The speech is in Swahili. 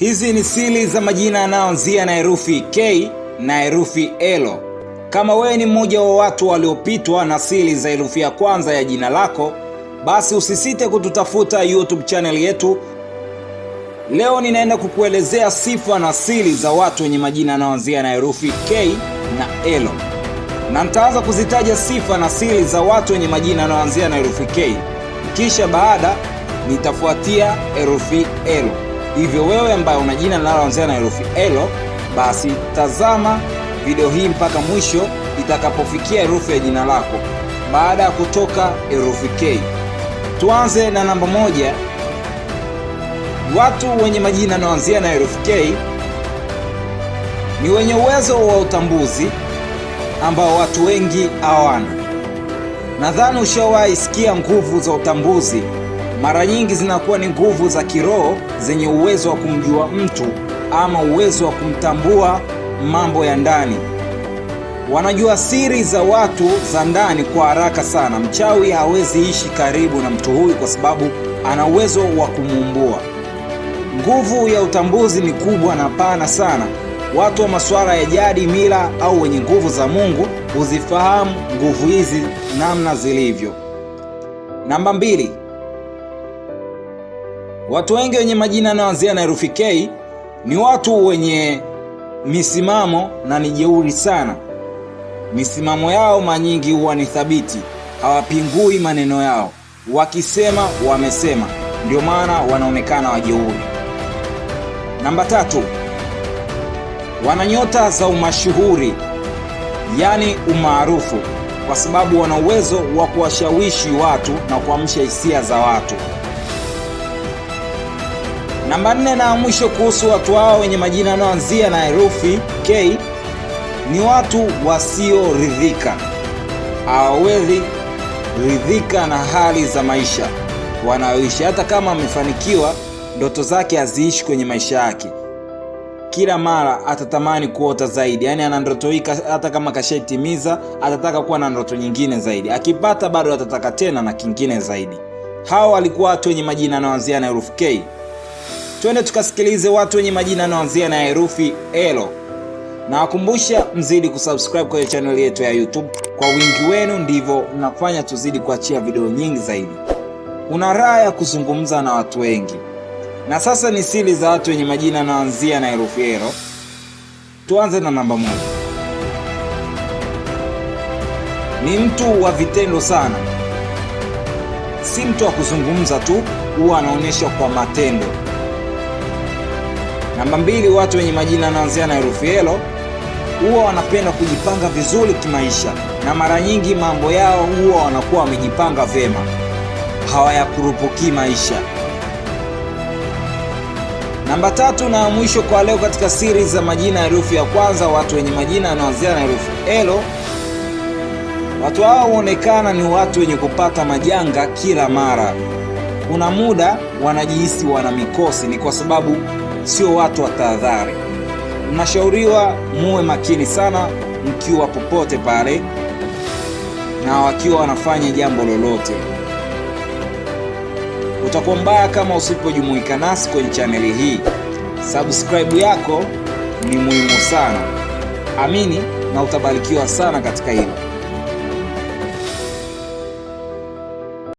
Hizi ni siri za majina yanayoanzia na herufi K na herufi L. Kama wewe ni mmoja wa watu waliopitwa na siri za herufi ya kwanza ya jina lako, basi usisite kututafuta YouTube channel yetu. Leo ninaenda kukuelezea sifa na siri za watu wenye majina yanayoanzia na herufi K na L, na nitaanza kuzitaja sifa na siri za watu wenye majina yanayoanzia na herufi K, kisha baada nitafuatia herufi L. Hivyo wewe ambaye una jina linaloanzia na herufi L, basi tazama video hii mpaka mwisho itakapofikia herufi ya jina lako baada ya kutoka herufi K. Tuanze na namba moja. Watu wenye majina anaoanzia na herufi K ni wenye uwezo wa utambuzi ambao watu wengi hawana. Nadhani ushawahi sikia nguvu za utambuzi mara nyingi zinakuwa ni nguvu za kiroho zenye uwezo wa kumjua mtu ama uwezo wa kumtambua mambo ya ndani. Wanajua siri za watu za ndani kwa haraka sana. Mchawi hawezi ishi karibu na mtu huyu kwa sababu ana uwezo wa kumuumbua. Nguvu ya utambuzi ni kubwa na pana sana. Watu wa masuala ya jadi, mila au wenye nguvu za Mungu huzifahamu nguvu hizi namna zilivyo. Namba mbili. Watu wengi wenye majina yanayoanzia na herufi K ni watu wenye misimamo na ni jeuri sana. Misimamo yao mara nyingi huwa ni thabiti, hawapingui maneno yao, wakisema wamesema, ndio maana wanaonekana wajeuri. Namba tatu, wana nyota za umashuhuri, yaani umaarufu, kwa sababu wana uwezo wa kuwashawishi watu na kuamsha hisia za watu. Namba nne na mwisho kuhusu watu hao wenye majina yanayoanzia na herufi K ni watu wasioridhika, hawawezi ridhika na hali za maisha wanaoishi Hata kama amefanikiwa, ndoto zake haziishi kwenye maisha yake. Kila mara atatamani kuota zaidi, yaani ana ndoto hii, hata kama kashaitimiza, atataka kuwa na ndoto nyingine zaidi. Akipata bado atataka tena na kingine zaidi. Hao walikuwa watu wenye majina yanayoanzia na herufi K. Twende tukasikilize watu wenye majina yanayoanzia na herufi L. Nawakumbusha mzidi kusubscribe kwenye chaneli yetu ya YouTube. Kwa wingi wenu ndivyo unafanya tuzidi kuachia video nyingi zaidi. Una raha ya kuzungumza na watu wengi. Na sasa ni siri za watu wenye majina yanayoanzia na herufi L. Tuanze na namba moja. Ni mtu wa vitendo sana, si mtu wa kuzungumza tu, huwa anaonyesha kwa matendo. Namba mbili, watu wenye majina yanaanzia na herufi helo huwa wanapenda kujipanga vizuri kimaisha, na mara nyingi mambo yao huwa wanakuwa wamejipanga vyema, hawayakurupukii maisha. Namba tatu na mwisho kwa leo katika siri za majina ya herufi ya kwanza, watu wenye majina yanaanzia na herufi helo, watu hao huonekana ni watu wenye kupata majanga kila mara. Kuna muda wanajihisi wana mikosi, ni kwa sababu sio watu wa tahadhari. Mnashauriwa muwe makini sana mkiwa popote pale na wakiwa wanafanya jambo lolote. Utakuwa mbaya kama usipojumuika nasi kwenye chaneli hii. Subscribe yako ni muhimu sana, amini na utabarikiwa sana katika hilo.